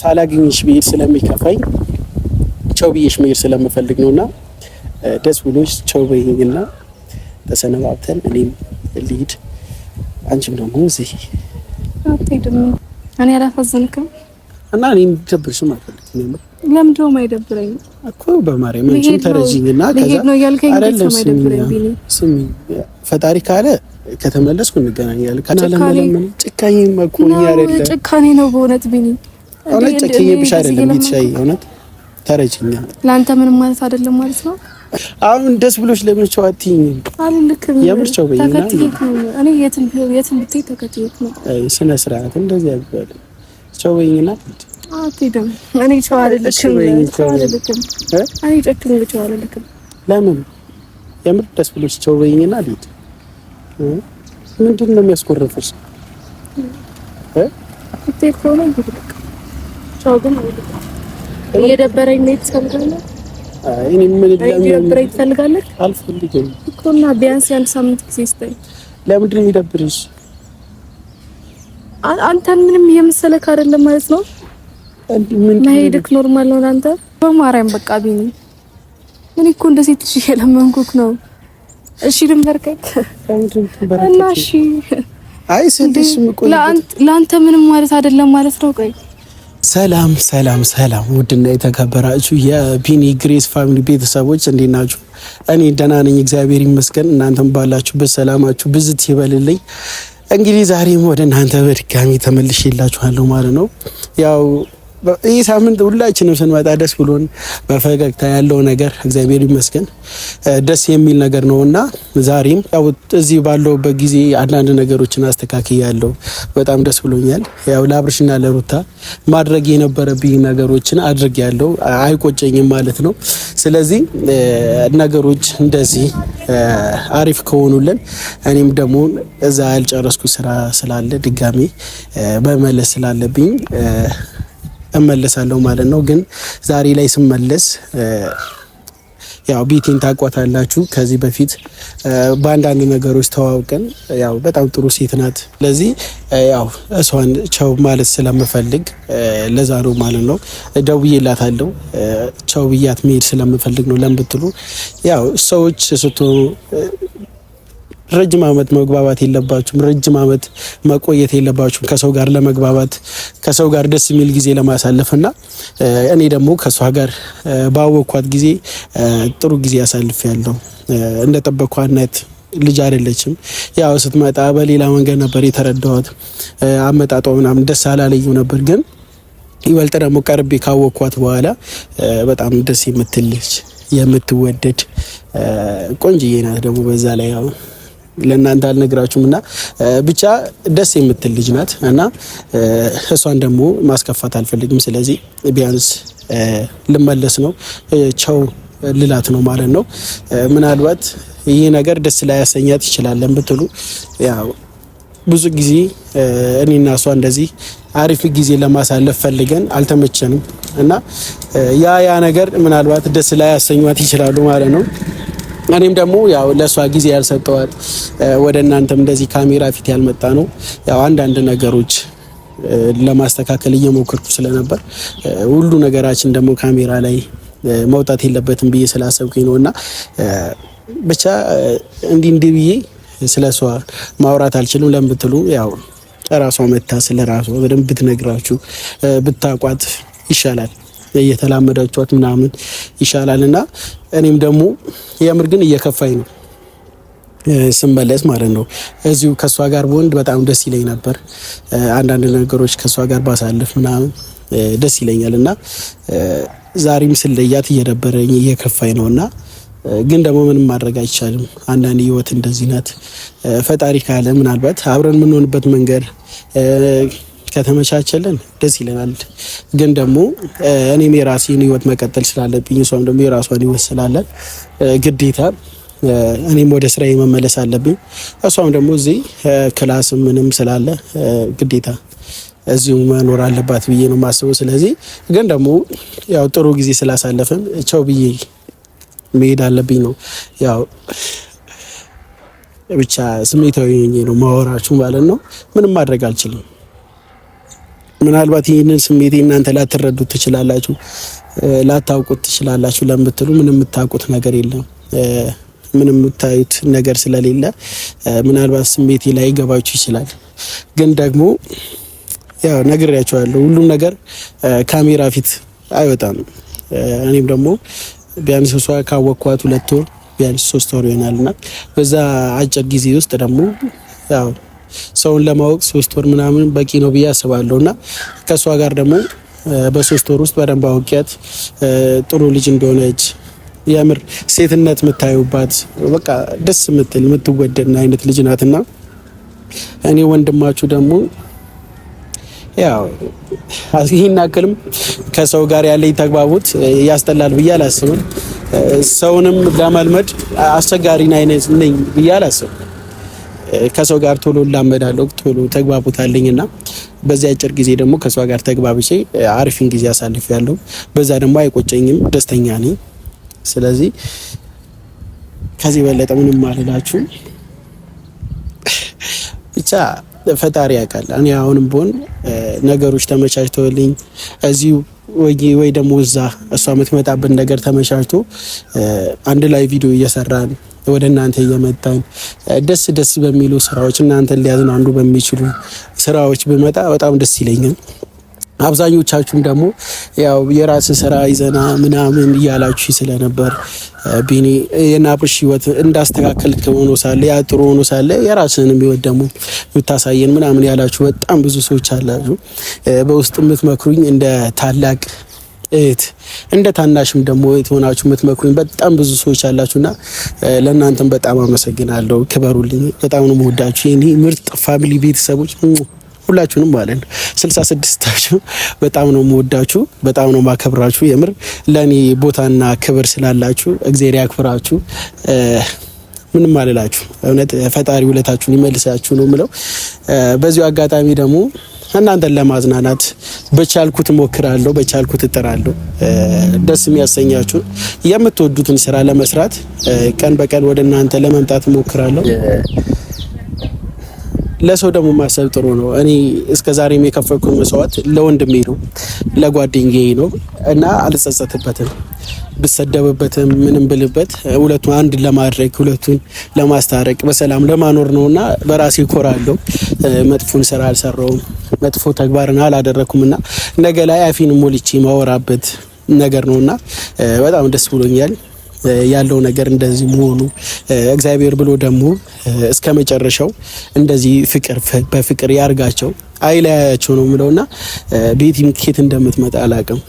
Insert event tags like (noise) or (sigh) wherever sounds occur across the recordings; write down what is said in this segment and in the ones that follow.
ሳላግኝሽ ብሄድ ስለሚከፋኝ ቸው ብዬሽ መሄድ ስለምፈልግ ነውና ደስ ብሎሽ ቸው በይኝና ተሰነባብተን እኔም ልሂድ፣ አንቺም ደግሞ እዚህ እኔ አላሳዝንክም እና እኔም እንዲደብርሽም አልፈልግም። ለምንድነው የማይደብረኝ እኮ በማርያም አንቺም ተረጂኝና ስሚ፣ ፈጣሪ ካለ ከተመለስኩ እንገናኛለን። ጭካኔ መኮኛ ጭካኔ ነው በእውነት ቢኒ አሁን ጨክዬብሽ አይደለም ይትሻይ እውነት ለአንተ ምንም ማለት አይደለም ማለት ነው። አሁን ደስ ብሎሽ አትይኝ አልልክም። እኔ የትም የትም ብትይ ተከትዬት ነው። ስነ ስርዓት እንደዚህ በይኝና እኔ እኔ ጨክኝ ለምን የምር ደስ ብሎሽ በይኝና ልሂድ። ምንድን ነው የሚያስቆርፍሽ? እ ትሄድ ከሆነ ብቻው ግን እየደበረኝ ነው ትፈልጋለህ? እኔ ምን እየደበረኝ ትፈልጋለህ? አልፈልግም እኮ እና ቢያንስ ያን ሳምንት ጊዜ ስጠኝ። ለምንድን ነው የሚደብርሽ? አንተን ምንም እየመሰለህ አይደለም ማለት ነው። መሄድክ ኖርማል ነው አንተ። በማርያም በቃ ቢኒ እኔ እኮ እንደ ሴት ልጅ እየለመንኩህ ነው። እሺ ልንበርከክ እና እሺ። አይ ስልሽ ለአንተ ምንም ማለት አይደለም ማለት ነው። ቆይ ሰላም ሰላም ሰላም! ውድና የተከበራችሁ የቢኒ ግሬስ ፋሚሊ ቤተሰቦች እንዴት ናችሁ? እኔ ደህና ነኝ፣ እግዚአብሔር ይመስገን። እናንተም ባላችሁበት ሰላማችሁ ብዝት ይበልልኝ። እንግዲህ ዛሬም ወደ እናንተ በድጋሚ ተመልሼላችኋለሁ ማለት ነው ያው ይህ ሳምንት ሁላችንም ስንመጣ ደስ ብሎን በፈገግታ ያለው ነገር እግዚአብሔር ይመስገን ደስ የሚል ነገር ነው እና ዛሬም ያው እዚህ ባለውበት ጊዜ አንዳንድ ነገሮችን አስተካክ ያለው በጣም ደስ ብሎኛል። ያው ለአብርሽና ለሩታ ማድረግ የነበረብኝ ነገሮችን አድርግ ያለው አይቆጨኝም ማለት ነው። ስለዚህ ነገሮች እንደዚህ አሪፍ ከሆኑልን እኔም ደግሞ እዛ ያልጨረስኩ ስራ ስላለ ድጋሜ መመለስ ስላለብኝ እመለሳለሁ ማለት ነው። ግን ዛሬ ላይ ስመለስ ያው ቤቴን ታቋታላችሁ። ከዚህ በፊት በአንዳንድ ነገሮች ተዋውቀን ያው በጣም ጥሩ ሴት ናት። ስለዚህ ያው እሷን ቸው ማለት ስለምፈልግ ለዛ ነው ማለት ነው ደውዬላታለሁ። ቸው ብያት መሄድ ስለምፈልግ ነው ለምትሉ ያው ሰዎች ስትሆኑ ረጅም ዓመት መግባባት የለባችሁም። ረጅም ዓመት መቆየት የለባችሁም ከሰው ጋር ለመግባባት ከሰው ጋር ደስ የሚል ጊዜ ለማሳለፍ እና እኔ ደግሞ ከእሷ ጋር ባወኳት ጊዜ ጥሩ ጊዜ አሳልፍ ያለው እንደ ጠበኳነት ልጅ አይደለችም። ያው ስትመጣ በሌላ መንገድ ነበር የተረዳኋት። አመጣጧ ምናምን ደስ አላለኝም ነበር ግን ይበልጥ ደግሞ ቀርቤ ካወኳት በኋላ በጣም ደስ የምትልች የምትወደድ ቆንጅዬ ናት ደግሞ በዛ ላይ ለእናንተ አልነግራችሁም እና ብቻ ደስ የምትል ልጅ ናት እና እሷን ደግሞ ማስከፋት አልፈልግም። ስለዚህ ቢያንስ ልመለስ ነው ቸው ልላት ነው ማለት ነው። ምናልባት ይህ ነገር ደስ ላያሰኛት ይችላለን ብትሉ ያው ብዙ ጊዜ እኔና እሷ እንደዚህ አሪፍ ጊዜ ለማሳለፍ ፈልገን አልተመቸንም እና ያ ያ ነገር ምናልባት ደስ ላያሰኟት ይችላሉ ማለት ነው። እኔም ደግሞ ያው ለእሷ ጊዜ ያልሰጠዋት ወደ እናንተም እንደዚህ ካሜራ ፊት ያልመጣ ነው ያው አንዳንድ ነገሮች ለማስተካከል እየሞከርኩ ስለነበር ሁሉ ነገራችን ደግሞ ካሜራ ላይ መውጣት የለበትም ብዬ ስላሰብኩኝ ነው እና ብቻ እንዲህ እንዲህ ብዬ ስለ እሷ ማውራት አልችልም ለምትሉ ያው ራሷ መታ ስለ ራሷ በደንብ ብትነግራችሁ ብታቋት ይሻላል። እየተላመዳችኋት ምናምን ይሻላል እና እኔም ደግሞ የምር ግን እየከፋኝ ነው ስመለስ ማለት ነው። እዚሁ ከእሷ ጋር ወንድ በጣም ደስ ይለኝ ነበር። አንዳንድ ነገሮች ከእሷ ጋር ባሳልፍ ምናምን ደስ ይለኛል እና ዛሬም ስለያት እየደበረኝ እየከፋኝ ነው እና ግን ደግሞ ምንም ማድረግ አይቻልም። አንዳንድ ህይወት እንደዚህ ናት። ፈጣሪ ካለ ምናልባት አብረን የምንሆንበት መንገድ ከተመቻቸልን ደስ ይለናል። ግን ደግሞ እኔም የራሴን ህይወት መቀጠል ስላለብኝ እሷም ደግሞ የራሷን ህይወት ስላለን ግዴታ እኔም ወደ ስራ መመለስ አለብኝ። እሷም ደግሞ እዚህ ክላስ ምንም ስላለ ግዴታ እዚሁ መኖር አለባት ብዬ ነው የማስበው። ስለዚህ ግን ደግሞ ያው ጥሩ ጊዜ ስላሳለፍን ቸው ብዬ መሄድ አለብኝ ነው ያው ብቻ ስሜታዊ ነው ማወራችሁ ማለት ነው። ምንም ማድረግ አልችልም። ምናልባት ይህንን ስሜቴ እናንተ ላትረዱት ትችላላችሁ፣ ላታውቁት ትችላላችሁ ለምትሉ ምንም የምታውቁት ነገር የለም። ምንም የምታዩት ነገር ስለሌለ ምናልባት ስሜቴ ላይ ገባችሁ ይችላል። ግን ደግሞ ያው ነግሬያችኋለሁ፣ ሁሉም ነገር ካሜራ ፊት አይወጣም። እኔም ደግሞ ቢያንስ እሷ ካወቅኳት ሁለት ወር ቢያንስ ሶስት ወር ይሆናልና በዛ አጭር ጊዜ ውስጥ ደግሞ ያው ሰውን ለማወቅ ሶስት ወር ምናምን በቂ ነው ብዬ አስባለሁ እና ከእሷ ጋር ደግሞ በሶስት ወር ውስጥ በደንብ አውቂያት ጥሩ ልጅ እንደሆነች የምር ሴትነት የምታዩባት በቃ ደስ የምትል የምትወደድ አይነት ልጅ ናት እና እኔ ወንድማችሁ ደግሞ ያው ይህን አክልም ከሰው ጋር ያለኝ ተግባቦት ያስጠላል ብዬ አላስብም። ሰውንም ለመልመድ አስቸጋሪ ነኝ ብዬ አላስብም። ከሰው ጋር ቶሎ እላመዳለሁ፣ ቶሎ ተግባቡታለኝ አለኝ እና በዚህ አጭር ጊዜ ደግሞ ከሷ ጋር ተግባብቼ አሪፍን ጊዜ አሳልፍ ያለው በዛ ደግሞ አይቆጨኝም፣ ደስተኛ ነኝ። ስለዚህ ከዚህ በለጠ ምንም አልላችሁ። ብቻ ፈጣሪ ያውቃል። እኔ አሁንም ቢሆን ነገሮች ተመቻችተውልኝ እዚሁ ወይ ደግሞ እዛ እሷ የምትመጣብን ነገር ተመቻችቶ አንድ ላይ ቪዲዮ እየሰራን ወደ እናንተ እየመጣን ደስ ደስ በሚሉ ስራዎች እናንተ ሊያዝኑ አንዱ በሚችሉ ስራዎች ብመጣ በጣም ደስ ይለኛል። አብዛኞቻችሁም ደግሞ ያው የራስ ስራ ይዘና ምናምን እያላችሁ ስለነበር ቢኒ የናብሽ ህይወት እንዳስተካከል ሆኖ ሳለ ያ ጥሩ ሆኖ ሳለ የራስን ህይወት ደግሞ የምታሳየን ምናምን ያላችሁ በጣም ብዙ ሰዎች አላችሁ። በውስጥ የምትመክሩኝ እንደ ታላቅ እህት እንደ ታናሽም ደግሞ እህት ሆናችሁ የምትመክሩኝ በጣም ብዙ ሰዎች አላችሁና ለእናንተም በጣም አመሰግናለሁ። ክበሩልኝ። በጣም ነው የምወዳችሁ የኔ ምርጥ ፋሚሊ ቤተሰቦች ሁላችሁንም ማለት ነው ስልሳ ስድስታችሁ በጣም ነው የምወዳችሁ፣ በጣም ነው ማከብራችሁ። የምር ለእኔ ቦታና ክብር ስላላችሁ እግዜር ያክብራችሁ። ምንም አልላችሁ። እውነት ፈጣሪ ውለታችሁን ይመልሳችሁ ነው ምለው። በዚሁ አጋጣሚ ደግሞ እናንተን ለማዝናናት በቻልኩት ሞክራለሁ፣ በቻልኩት እጥራለሁ። ደስ የሚያሰኛችሁን የምትወዱትን ስራ ለመስራት ቀን በቀን ወደ እናንተ ለመምጣት ሞክራለሁ። ለሰው ደግሞ ማሰብ ጥሩ ነው። እኔ እስከ ዛሬም የከፈልኩት መስዋዕት ለወንድሜ ነው፣ ለጓደኛዬ ነው እና አልጸጸትበትም። ብሰደብበትም ምንም ብልበት ሁለቱን አንድ ለማድረግ ሁለቱን ለማስታረቅ በሰላም ለማኖር ነው እና በራሴ እኮራለሁ። መጥፎን ስራ አልሰራውም፣ መጥፎ ተግባርን አላደረኩም እና ነገ ላይ አፊን ሞልቼ ማወራበት ነገር ነው እና በጣም ደስ ብሎኛል። ያለው ነገር እንደዚህ መሆኑ እግዚአብሔር ብሎ ደግሞ እስከ መጨረሻው እንደዚህ ፍቅር በፍቅር ያርጋቸው አይለያያቸው ነው የምለውና ቤቲም ኬት እንደምትመጣ አላቅም።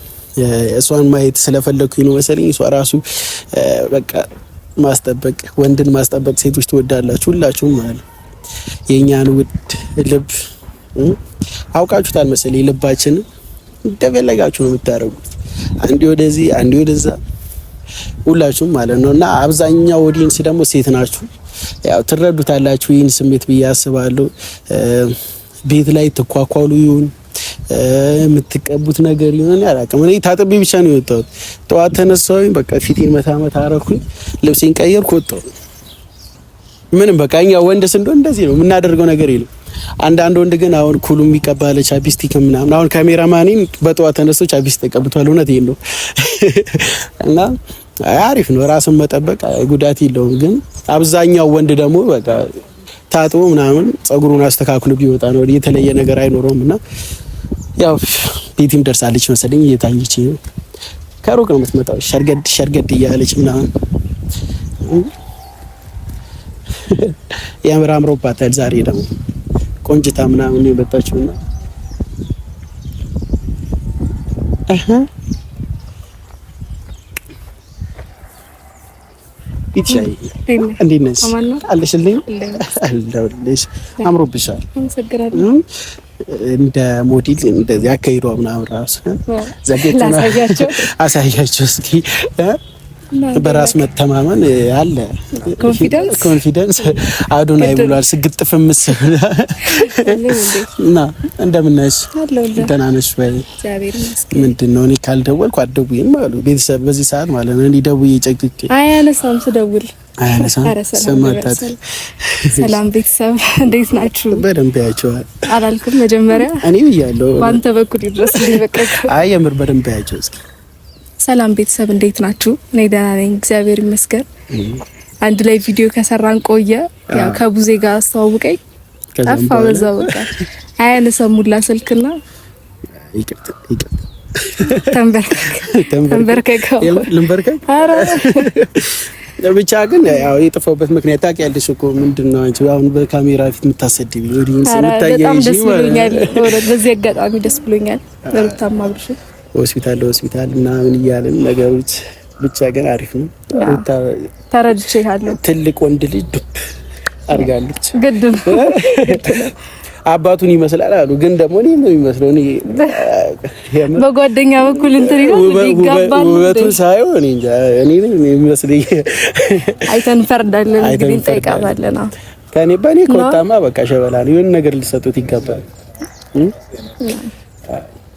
እሷን ማየት ስለፈለግኩኝ ነው መሰለኝ። እሷ ራሱ በቃ ማስጠበቅ ወንድን ማስጠበቅ ሴቶች ትወዳላችሁ ሁላችሁም ማለት የእኛን ውድ ልብ አውቃችሁታል መሰለኝ። ልባችንን እንደፈለጋችሁ ነው የምታደርጉት። አንዴ ወደዚህ አንዴ ወደዛ ሁላችሁም ማለት ነው። እና አብዛኛው ኦዲየንስ ደግሞ ሴት ናችሁ፣ ያው ትረዱታላችሁ ይህን ስሜት ብዬ አስባለሁ። ቤት ላይ ትኳኳሉ ይሁን የምትቀቡት ነገር ይሆን አላውቅም። እኔ ታጥቤ ብቻ ነው የወጣሁት። ጠዋት ተነሳሁኝ፣ በቃ ፊቴን መታመት አረኩኝ፣ ልብሴን ቀየርኩ፣ ወጣሁ። ምንም በቃ እኛ ወንድ ስንሆን እንደዚህ ነው የምናደርገው ነገር የለም። አንዳንድ ወንድ ግን አሁን ኩሉ የሚቀባለ ቻፒስቲክ ምናምን አሁን ካሜራማኔን በጠዋት ተነስቶ ቻፒስቲክ ተቀብቷል። እውነት ይሄን ነው (laughs) እና አሪፍ ነው። ራስን መጠበቅ ጉዳት የለውም። ግን አብዛኛው ወንድ ደግሞ በቃ ታጥቦ ምናምን ጸጉሩን አስተካክሎ ቢወጣ ነው የተለየ ነገር አይኖረውም። እና ያው ቤቲም ደርሳለች መሰለኝ እየታየች ከሩቅ ነው የምትመጣው፣ ሸርገድ ሸርገድ እያለች ምናምን ያምር አምሮባታል። ዛሬ ደግሞ ቆንጅታ ምናምን የመጣችውና ይቻይ እንዴት ነሽ? አለሽልኝ አለሁልሽ። አምሮብሻል። እንደ ሞዴል እንደዚህ አካሂዷ ምናምን ራሱ ዘጌት አሳያቸው እስኪ በራስ መተማመን አለ። ኮንፊደንስ ኮንፊደንስ አዶናይ ብሏል። ስግጥፍ ምስ እና እንደምን ደህና ነሽ ወይ? ምንድን ነው እኔ ካልደወልኩ አትደውይም አሉ ቤተሰብ በዚህ ሰዓት ማለት ነው። እንዲህ ደውዬ ጨቅቄ አያነሳም ስደውል ሰላም ቤተሰብ እንዴት ናችሁ? በደንብ ያቸዋል አላልኩም? መጀመሪያ እኔ ብያለሁ። በአንተ በኩል ይድረስ። አይ የምር በደንብ ያቸው እስኪ ሰላም ቤተሰብ እንዴት ናችሁ? እኔ ደህና ነኝ እግዚአብሔር ይመስገን። አንድ ላይ ቪዲዮ ከሰራን ቆየ። ያው ከቡዜ ጋር አስተዋውቀኝ ጠፋ። በዛ በቃ አያነሳም ሁላ ስልክና ይቅርታ ብቻ ግን ያው የጠፋሁበት ምክንያት ታውቂያለሽ እኮ ምንድን ነው አንቺ አሁን በካሜራ ፊት የምታሰድቢው? ደስ ብሎኛል። በዚህ አጋጣሚ ደስ ብሎኛል። ሆስፒታል ለሆስፒታል ምናምን እያልን ነገሮች ብቻ ግን አሪፍ ነው። ተረድቼ ያለው ትልቅ ወንድ ልጅ ዱብ አድርጋለች። ግድም (laughs) አባቱን ይመስላል አሉ። ግን ደግሞ እኔ ነው የሚመስለው። እኔ በጓደኛ በኩል እንትን ይጋባል። ውበቱን ሳይሆን እኔ እንጃ እኔ ነው የሚመስለኝ። አይተን ፈርዳለን እንግዲህ እንጠይቃለን። ከኔ ባኔ ከወጣማ በቃ ሸበላ ነው። የሆነ ነገር ልሰጡት ይገባል።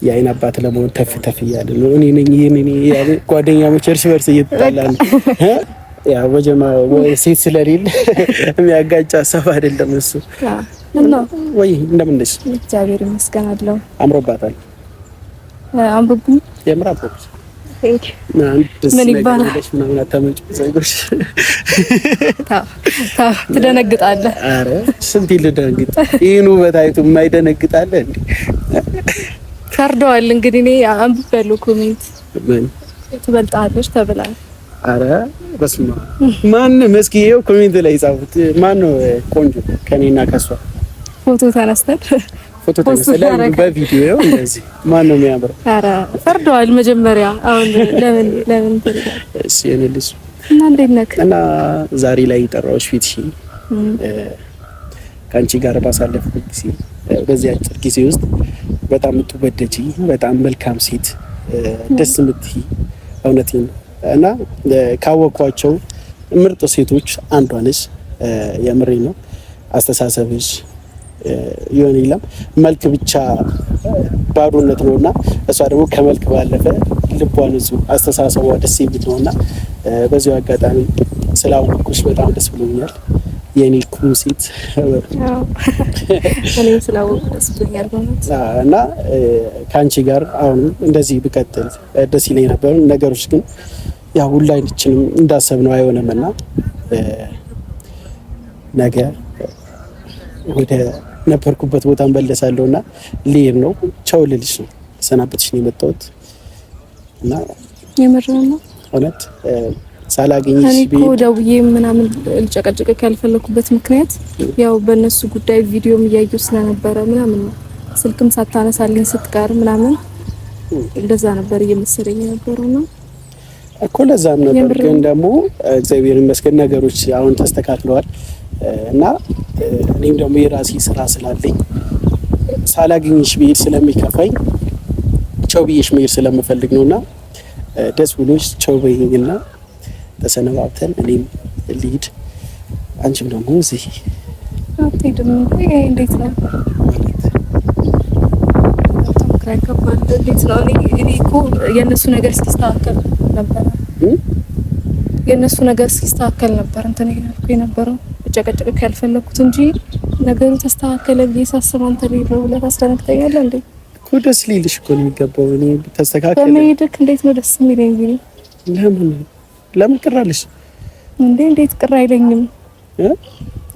የአይን አባት ለመሆን ተፍ ተፍ እያለ ነው። እኔ ነኝ ይሄን እኔ ያለ ጓደኛሞች እርስ በርስ እየተጣላን (laughs) ያ ወጀማ ሴት ስለሌለ (laughs) የሚያጋጭ ሀሳብ አይደለም እሱ ወይ እንደምን ነሽ? እግዚአብሔር ይመስገን አለው። አምሮባታል። አምሮብኝ የምር አምሮብኝ ምን ይባላል (laughs) ትደነግጣለህ? ኧረ ስንት ልደነግጥ ይህን ውበት አይቶ የማይደነግጣለህ እንዴ? ፈርደዋል። እንግዲህ እኔ አንብበሉ ኮሜንት ምን ትበልጣለች ተብላል። አረ በስመ አብ ማንም እስኪ ይኸው ኮሜንት ላይ ጻፉት። ማን ነው ቆንጆ ከኔና ከሷ ፎቶ ተነስተን ፎቶ ተነስተን በቪዲዮ ይኸው እንደዚህ ማን ነው የሚያምረው? አረ ፈርደዋል። መጀመሪያ አሁን ለምን ለምን እሺ እንልስ እና እንዴት ነህ? እና ዛሬ ላይ የጠራሁሽ ፊትሽ ከአንቺ ጋር ባሳለፍኩት ጊዜ በዚህ አጭር ጊዜ ውስጥ በጣም የምትወደጂ በጣም መልካም ሴት ደስ የምትይ እውነት እና ካወቅኳቸው ምርጥ ሴቶች አንዷ ነች። የምሬ ነው። አስተሳሰብሽ የሆነ የለም መልክ ብቻ ባዶነት ነው እና እሷ ደግሞ ከመልክ ባለፈ ልቧ ንጹሕ፣ አስተሳሰቧ ደስ የሚል ነው እና በዚሁ አጋጣሚ ስላወቅኩሽ በጣም ደስ ብሎኛል የኔ ሴት (laughs) እና ከአንቺ ጋር አሁን እንደዚህ ብቀጥል ደስ ይለኝ ነበር። ነገሮች ግን ያው ሁላችንም እንዳሰብነው አይሆንም እና ነገ ወደ ነበርኩበት ቦታ እንመለሳለሁ እና ልሄድ ነው። ቻው ልልሽ ነው ሰናበትሽ ነው የመጣሁት እና የምር ነው እውነት ሳላገኝሽ ደውዬ ምናምን ልጨቀጨቀ ያልፈለኩበት ምክንያት ያው በእነሱ ጉዳይ ቪዲዮም እያየሁ ስለነበረ ምናምን ስልክም ሳታነሳልኝ ስትቀር ምናምን እንደዛ ነበር እየመሰለኝ የነበረው ነው እኮ ለዛም ነበር። ግን ደግሞ እግዚአብሔር ይመስገን ነገሮች አሁን ተስተካክለዋል እና እኔም ደግሞ የራሴ ስራ ስላለኝ ሳላገኝሽ ብሄድ ስለሚከፋኝ ቸው ብዬሽ መሄድ ስለምፈልግ ነውና ደስ ብሎሽ ቸው በይኝና ተሰነባብተን እኔም ልሂድ አንቺም ደግሞ እዚህ የእነሱ ነገር እስኪስተካከል ነበረ የእነሱ ነገር እስኪስተካከል ነበር እንትን ያልኩ የነበረው ጨቀጨቅ ያልፈለኩት እንጂ ነገሩ ተስተካከለ ብዬ ሳስብ አንተ ሌለው ብለህ ታስደነግጠኛለህ እንዴ እኮ ደስ ሊልሽ እኮ ነው የሚገባው እኔ ተስተካከለ በመሄድክ እንዴት ነው ደስ የሚለኝ ለምን ለምን ቅር አለሽ እንዴ? እንዴት ቅር አይለኝም?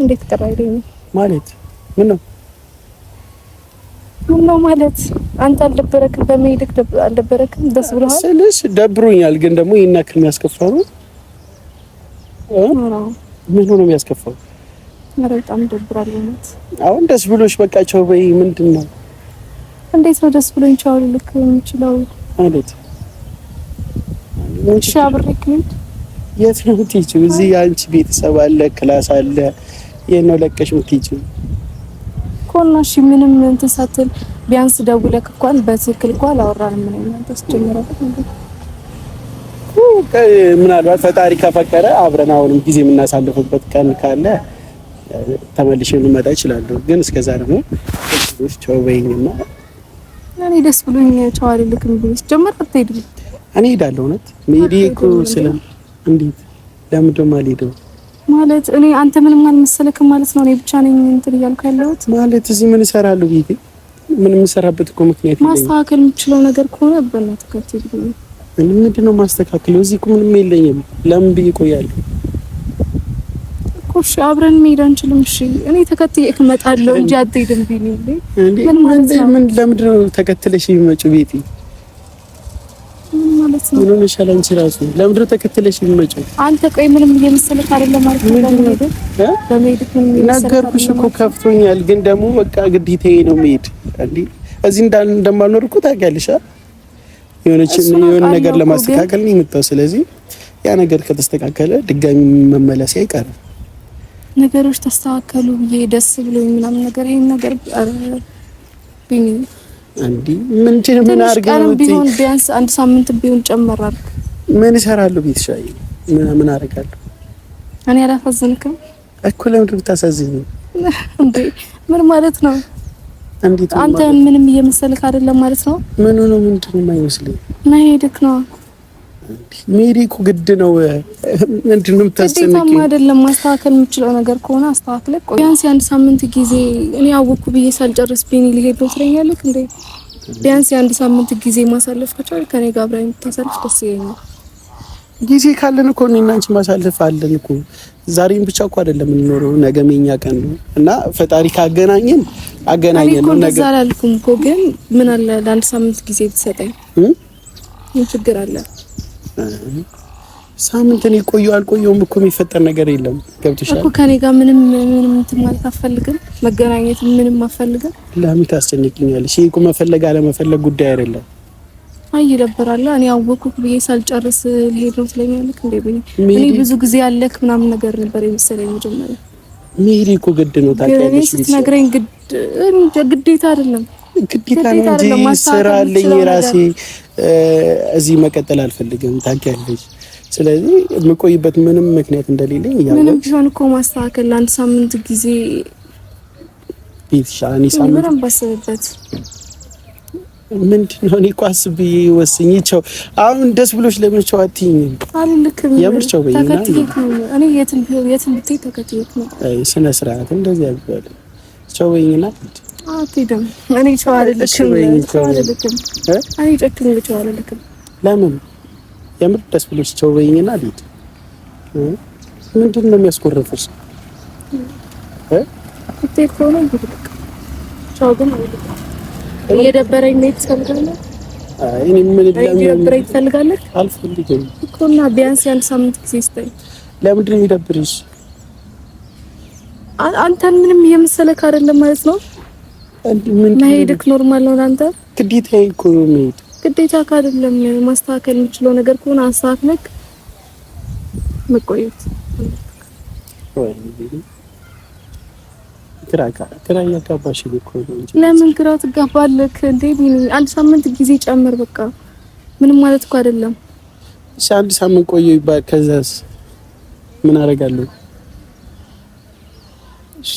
እንዴት ቅር አይለኝም ማለት ምን ነው? ምን ነው ማለት አንተ አልደበረክም? በመሄድክ አልደበረክም? ደስ ብሎሃል ስልሽ ደብሮኛል፣ ግን ደግሞ ይሄን ያክል የሚያስከፋው ነው። ምን ነው የሚያስከፋው? ኧረ በጣም ደብራል። አሁን ደስ ብሎሽ በቃ ቻው በይ። ምንድን ነው እንዴት ነው ደስ ብሎኝ ቻው ልልክ የምችለው? እንዴት ሻብሬክ የት ነው የምትሄጂው? እዚህ አንቺ ቤተሰብ አለ፣ ክላስ አለ። የት ነው ለቀሽ የምትሄጂው? ኮና እሺ፣ ምንም እንትን ሳትል ቢያንስ ደውለክ እንኳን በትክክል እንኳን አላወራንም። ምን አይነት አስጀምረው ምናልባት ፈጣሪ ከፈቀደ አብረን አሁንም ጊዜ የምናሳልፍበት ቀን ካለ ተመልሼ ልመጣ እችላለሁ። ግን እስከዛ ደግሞ ትንሽ ቻው በይኝና እኔ ደስ ብሎኝ ቻው አልልክም ብዬሽ ጀመር አትሄድም? እኔ እሄዳለሁ። እውነት መሄዴ እኮ እንዴት ለምንድን ነው የማልሄደው? ማለት እኔ አንተ ምንም አልመሰለክም ማለት ነው። እኔ ብቻ ነኝ እንትን እያልኩ ያለሁት ማለት እዚህ ምን እሰራለሁ? ቤቴ ምን የምሰራበት እኮ ምክንያት ማስተካከል የምችለው ነገር ከሆነ በእናትህ ከትይብ ምን ምንድን ነው ማስተካከለው? እዚህ እኮ ምንም የለኝም። ለምን ብዬ እቆያለሁ እኮ። እሺ አብረን መሄድ አንችልም? እሺ እኔ ተከትዬህ እመጣለሁ እንጂ አትሄድም እንዴ ምን ምን ለምንድን ነው ተከትለሽ የምመጪው ቤቴ ማለት ነው። ምን ይሻላል? አንቺ ራሱ ለምድር ተከትለሽ የሚመጪው አንተ ቆይ፣ ምንም እየመሰለህ አይደለም ማለት ነው። ነገርኩሽ እኮ ከፍቶኛል፣ ግን ደግሞ በቃ ግዴታዬ ነው መሄድ። እዚህ እንዳን እንደማልኖር እኮ ታውቂያለሽ። የሆነ ነገር ለማስተካከል ነው የመጣው። ስለዚህ ያ ነገር ከተስተካከለ ድጋሚ መመለስ አይቀርም። ነገሮች ተስተካከሉ ብዬ ደስ ብሎኝ ምናምን ነገር ይሄን ነገር ምን አድርገህ ቢሆን ቢያንስ አንድ ሳምንት ቢሆን ጨመር ምን እሰራለሁ? ቤት ሻይ ምን አደርጋለሁ? እኔ አላሳዝንክም እኮ። ለምንድን ብታሳዝኝ (laughs) እንዴ? ምን ማለት ነው? አንተ ምንም እየመሰልክ አይደለም ማለት ነው። ምኑ ነው? ምንድን ነው የማይመስልኝ መሄድክ ነው ሜሪ እኮ ግድ ነው። ምንድን ነው የምታስጨንቂኝ? አይደለም ማስተካከል የምችለው ነገር ከሆነ አስተካክለ። ቢያንስ የአንድ ሳምንት ጊዜ እኔ አወቅኩ ብዬ ሳልጨርስ ቢኒ ሊሄድ ነው ትለኛለህ እንዴ? ቢያንስ የአንድ ሳምንት ጊዜ ማሳለፍ ከቻል ከኔ ጋር አብረን የምታሳልፍ ደስ ይለኛል። ጊዜ ካለን እኮ እኔ እና አንቺ ማሳለፍ አለን እኮ። ዛሬን ብቻ እኮ አይደለም የምንኖረው፣ ነገ የኛ ቀን ነው እና ፈጣሪ ካገናኘን አገናኘን ነው። ነገር አላልኩም እኮ ግን ምን አለ ለአንድ ሳምንት ጊዜ ብትሰጠኝ ምን ችግር አለ? ሳምንት እኔ ቆየሁ አልቆየሁም እኮ የሚፈጠር ነገር የለም። ገብቶሻል እኮ ከኔ ጋር ምንም ምንም እንትን ማለት አፈልግም፣ መገናኘት ምንም አፈልግም። ለምን ታስጨንቅኛለሽ? ይሄ እኮ መፈለግ አለመፈለግ ጉዳይ አይደለም። አይ ይደብራል። እኔ አወኩህ ብዬ ሳልጨርስ ልሄድ ነው ትለኛለህ እንዴ? እኔ ብዙ ጊዜ ያለክ ምናምን ነገር ነበር የመሰለኝ መጀመሪያ። መሄድ እኮ ግድ ነው ታውቂያለሽ። ስትነግረኝ ግድ ግዴታ አይደለም ግዴታ ነው እንጂ ስራ አለኝ ራሴ እዚህ መቀጠል አልፈልግም። ታውቂያለሽ። ስለዚህ የምቆይበት ምንም ምክንያት እንደሌለኝ እያለ ምንም ቢሆን እኮ ማስተካከል ለአንድ ሳምንት ጊዜ ቤት ሻኒ ሳምንት ምንም ባስብበት ምንድን ነው እኔ እኮ አስቤ ወስኝ ቻው። አሁን ደስ ብሎች ለምን ቻው አትይኝም? አልልክም። የምር ቻው በይና እኔ የትም የትም ብትይ ተከትዬሽ ነው። አይ ስነ ስርዓት እንደዚህ ያግባል። ቻው በይኝና አትሄድም። እኔ ጨዋ አይደለችም። እኔ ጨክኝ ብቻ አይደለችም። ለምን የምር ደስ ብሎሽ ጨው በይኝና ልሂድ። ምንድን ነው የሚያስቆርፍሽ? ምን እየደበረኝ ትፈልጋለህ? አልፈልግም ለምንድን ነው የሚደብርሽ? አንተን ምንም እየመሰለክ አይደለም ማለት ነው መሄድክ ኖርማል ነው ለአንተ? ግዴታ እኮ ነው መሄድ። ግዴታ ካደለም ማስተካከል የምችለው ነገር ከሆነ አስተካክለክ መቆየት ግራ እያጋባሽ እኮ ነው እንጂ ለምን ግራ ትጋባለህ እንዴ? አንድ ሳምንት ጊዜ ጨምር። በቃ ምንም ማለት እኮ አይደለም። እሺ አንድ ሳምንት ቆየ ይባል፣ ከዛስ ምን አደርጋለሁ? እሺ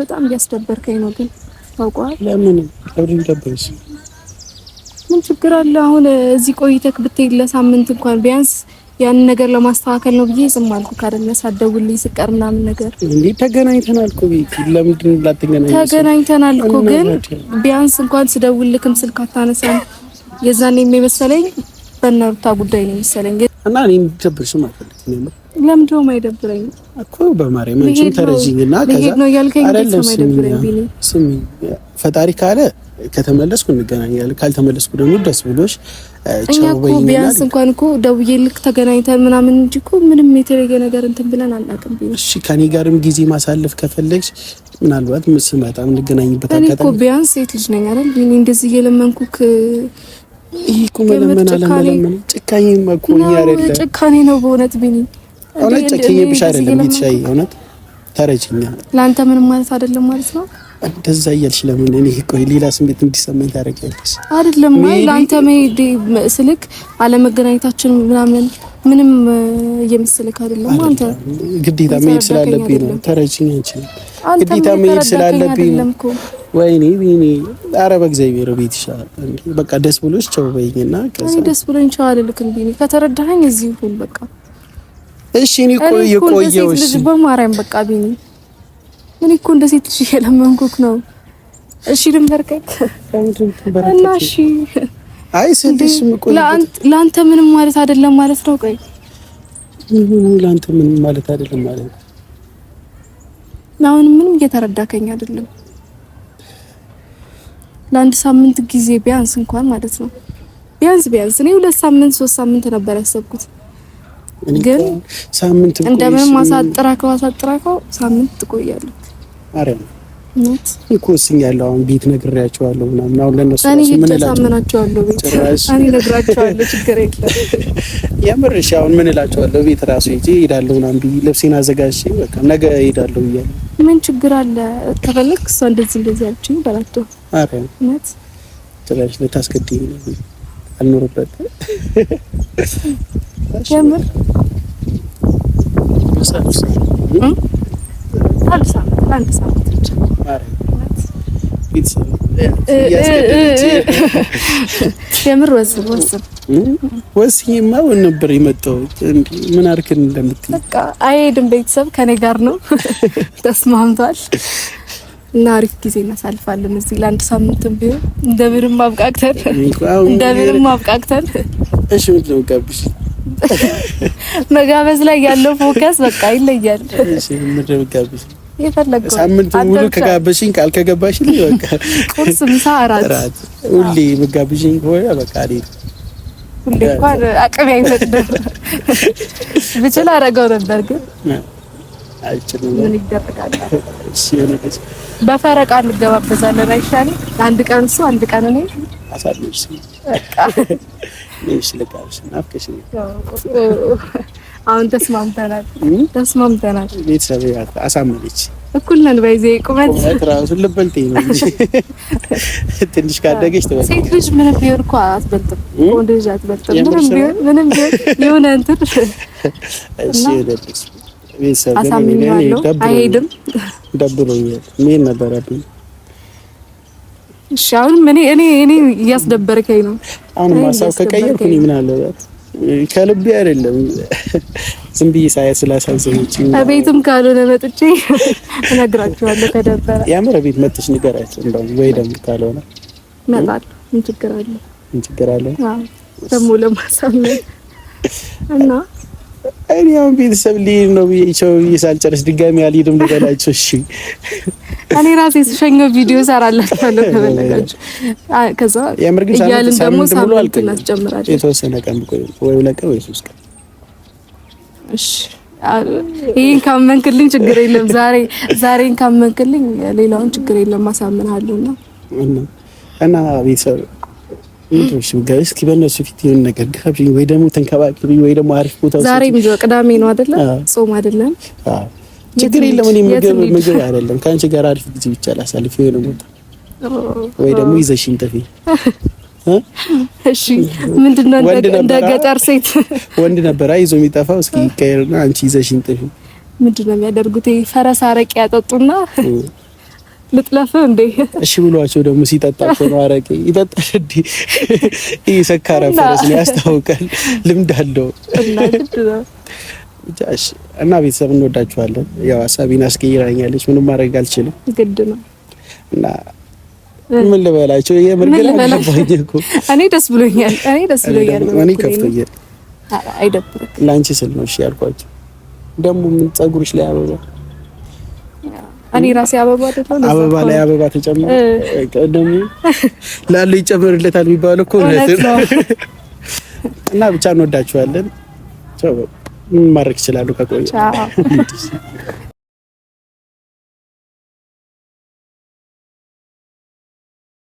በጣም እያስደበርከኝ ነው ግን ታውቀዋል። ለምን አብሪን ደበርሽ? ምን ችግር አለ? አሁን እዚህ ቆይተክ ብትሄድ ለሳምንት እንኳን ቢያንስ ያንን ነገር ለማስተካከል ነው ብዬ ዝም አልኩህ አይደለ? ሳትደውልልኝ ስቀር ምናምን ነገር እንዴ። ተገናኝተናል እኮ ቤት። ለምንድን ላትገናኝ? ተገናኝተናል እኮ ግን ቢያንስ እንኳን ስደውልልክም ስልክ አታነሳም። የዛን የመሰለኝ በእነ ሩታ ጉዳይ ነው የሚመስለኝ። እና እኔ እንዲደብርሽም አልፈልግም። ለምንድን ነው የማይደብረኝ? እኮ በማርያም አንቺም ፈጣሪ ካለ ከተመለስኩ እንገናኛለን፣ ካልተመለስኩ ደግሞ ደስ ብሎሽ ቢያንስ እንኳን እኮ ደውዬ ልክ ተገናኝተን ምናምን እንጂ እኮ ምንም የተለየ ነገር እንትን ብለን አናውቅም። እሺ፣ ከኔ ጋርም ጊዜ ማሳለፍ ከፈለግሽ ምናልባት እንገናኝበት አጋጣሚ እኮ ቢያንስ ሴት ልጅ ነኝ አይደል? እኔ እንደዚህ እየለመንኩክ ይሄ እኮ መለመን አለመለመን ጭካኔ ነው፣ በእውነት ቢኒ እውነት ጨክዬብሽ አይደለም ቤትሻይ፣ እውነት ተረጅኛ። ለአንተ ምንም ማለት አይደለም ማለት ነው። እንደዛ እያልሽ ለምን እኔ ቆይ ሌላ ስሜት እንዲሰማኝ ታደርጊያለሽ? አይደለም አይ ለአንተ መሄድ ስልክ አለመገናኘታችን ምናምን ምንም እየመሰለክ አይደለም። አንተ ግዴታ መሄድ ስላለብኝ ነው። ተረጅኝ አንቺ ግዴታ መሄድ ስላለብኝ ነው። ወይኔ ወይኔ፣ ኧረ በእግዚአብሔር ቤት ይሻላል። በቃ ደስ ብሎሽ ቻው በይኝና ከዛ ደስ ብሎኝ ቻው አልልክም። ቢኒ ከተረዳኸኝ እዚህ ሁን በቃ እሺ እኔ እኮ የቆየው እሺ በማርያም በቃ ቢኒ እኔ እኮ እንደ ሴት ልጅ የለመንኩክ ነው። እሺ ልንበርከክ እና እሺ አይ ስልሽ ምቆይ ለአንተ ምንም ማለት አይደለም ማለት ነው። ቆይ ለአንተ ምንም ማለት አይደለም ማለት ነው። አሁን ምንም እየተረዳከኝ አይደለም። ለአንድ ሳምንት ጊዜ ቢያንስ እንኳን ማለት ነው ቢያንስ ቢያንስ እኔ ሁለት ሳምንት ሶስት ሳምንት ነበር ያሰብኩት ግን ሳምንት እንደምንም ማሳጥራከው ማሳጥራከው ሳምንት ትቆያለህ። አሪያ ነት እኮ እስኛለሁ። አሁን ቤት ነግሬያቸዋለሁ ምናምን። አሁን ለነሱ ምን እላቸዋለሁ? ቤት እኔ ነግራቸዋለሁ። ችግር የለም (laughs) የምር። እሺ አሁን ምን እላቸዋለሁ? ቤት ራሱ ሂጂ እሄዳለሁ ምናምን ብዬ ልብሴን አዘጋጅ በቃ ነገ እሄዳለሁ እያለ ምን ችግር አለ? ከፈለክ እሷ እንደዚህ እንደዚህ አለችኝ በላቶ አሪያ ነት ትላሽ ልታስገድኝ ነው አልኖርበት ጀምር የምር ወስብ ወስብ ወስኝማ ወን ነበር የመጣው ምን አርክን እንደምትይ በቃ አይሄድም። ቤተሰብ ከኔ ጋር ነው፣ ተስማምቷል። እና አሪፍ ጊዜ እናሳልፋለን እዚህ ለአንድ ሳምንትም ቢሆን እንደምንም አብቃቅተን እንደምንም አብቃቅተን። እሺ ምንድን ነው የምትጋብሽ? መጋበዝ ላይ ያለው ፎከስ በቃ ይለያል። እሺ ምንድን ነው የምትጋብሽ? ሳምንት ሙሉ ከጋበሽኝ ካልከገባሽኝ በቃ ቁርስ፣ ምሳ፣ እራት ሁሌ የምትጋብሽኝ ከሆነ በቃ አሪፍ ሁሌ እንኳን አቅሜ አይፈቅድም። ብችል አደረገው ነበር ግን ምን ይደረጋል። እሺ በፈረቃ እንገባበዛለን አይሻልም? አንድ ቀን እሱ አንድ ቀን እኔ አሳልሽ በቃ ልሽ ለቃሽ ናፍከሽ ነው። አሁን ተስማምተናል ተስማምተናል። ቤተሰብ አሳመነች። እኩል ነን በይዜ ቁመት ቁመት ራሱ ልበልጥ ነው እንጂ (laughs) ትንሽ ካደገች ትበልጥ። ሴት ልጅ ምንም ቢሆን እኮ አትበልጥም፣ ወንድ ልጅ አትበልጥም። ምንም ቢሆን ምንም ቢሆን የሆነ እንትን (laughs) እሺ አሳምኜዋለሁ። አይሄድም። ደብሮኛል። ዝም ብዬ ሳያት ስላሳዘነችኝ ቤትም ካልሆነ መጥቼ እነግራችኋለሁ። ከደበረ የምር ቤት መጥተሽ ንገሪያቸው እንደውም ወይ ደግሞ ካልሆነ እመጣለሁ። ምን ችግር አለ? ምን ችግር አለ? ደግሞ ለማሳመን እና እኔ አሁን ቤተሰብ ነው ብዬ ቸው ሳልጨርስ ድጋሚ አልሄድም ልበላቸው። እሺ እኔ ራሴ የተሸኘው ቪዲዮ እሰራላችኋለሁ ከፈለጋችሁ። ከዛ እያልን ሳምንት ወይ ወይ ይህን ካመንክልኝ ችግር የለም። ዛሬ ዛሬን ካመንክልኝ ሌላውን ችግር የለም። ማሳምንሃለሁ እና እና ቤተሰብ እስኪ በእነሱ ፊት ይሁን ነገር ግፋብኝ ወይ ደግሞ ተንከባከብኝ ወይ ደግሞ አሪፍ ቦታ ዛሬ ቅዳሜ ነው አይደለ? ጾም አይደለም። ችግር የለም። እኔ ምግብ ምግብ አይደለም ከአንቺ ጋር አሪፍ ጊዜ ብቻ ላሳልፍ የሆነ ቦታ ወይ ደግሞ ይዘሽኝ ጥፊ። እሺ ምንድን ነው እንደ ገጠር ሴት ወንድ ነበር ይዞ የሚጠፋው። እስኪ ይቀየርና አንቺ ይዘሽኝ ጥፊ። ምንድን ነው የሚያደርጉት? ፈረስ አረቄ ያጠጡና ልጥለፍ እንዴ? እሺ ብሏቸው ደግሞ ሲጠጣ እኮ ነው አረቄ ይጠጣል እንዴ? ይሄ ሰካራ ፈረስ ነው ያስታውቃል። ልምድ አለው እና ቤተሰብ እንወዳችኋለን። ያው ሀሳቢን አስቀይራኛለች፣ ምንም ማድረግ አልችልም፣ ግድ ነው እና ምን ልበላቸው? የምርግላ ልባኝ እኮ እኔ ደስ ብሎኛል፣ እኔ ደስ ብሎኛል፣ እኔ ከፍቶኛል። አይደብርም ለአንቺ ስል ነው እሺ ያልኳቸው። ደግሞ ምን ጸጉርሽ ላይ አበባ እኔ ራሴ አበባ አበባ ላይ አበባ ተጨምሮ ደግሞ ላሉ ይጨምርለታል የሚባለው እኮ ነው። እና ብቻ እንወዳችኋለን። ቻው። ማድረግ ይችላሉ ከቆየ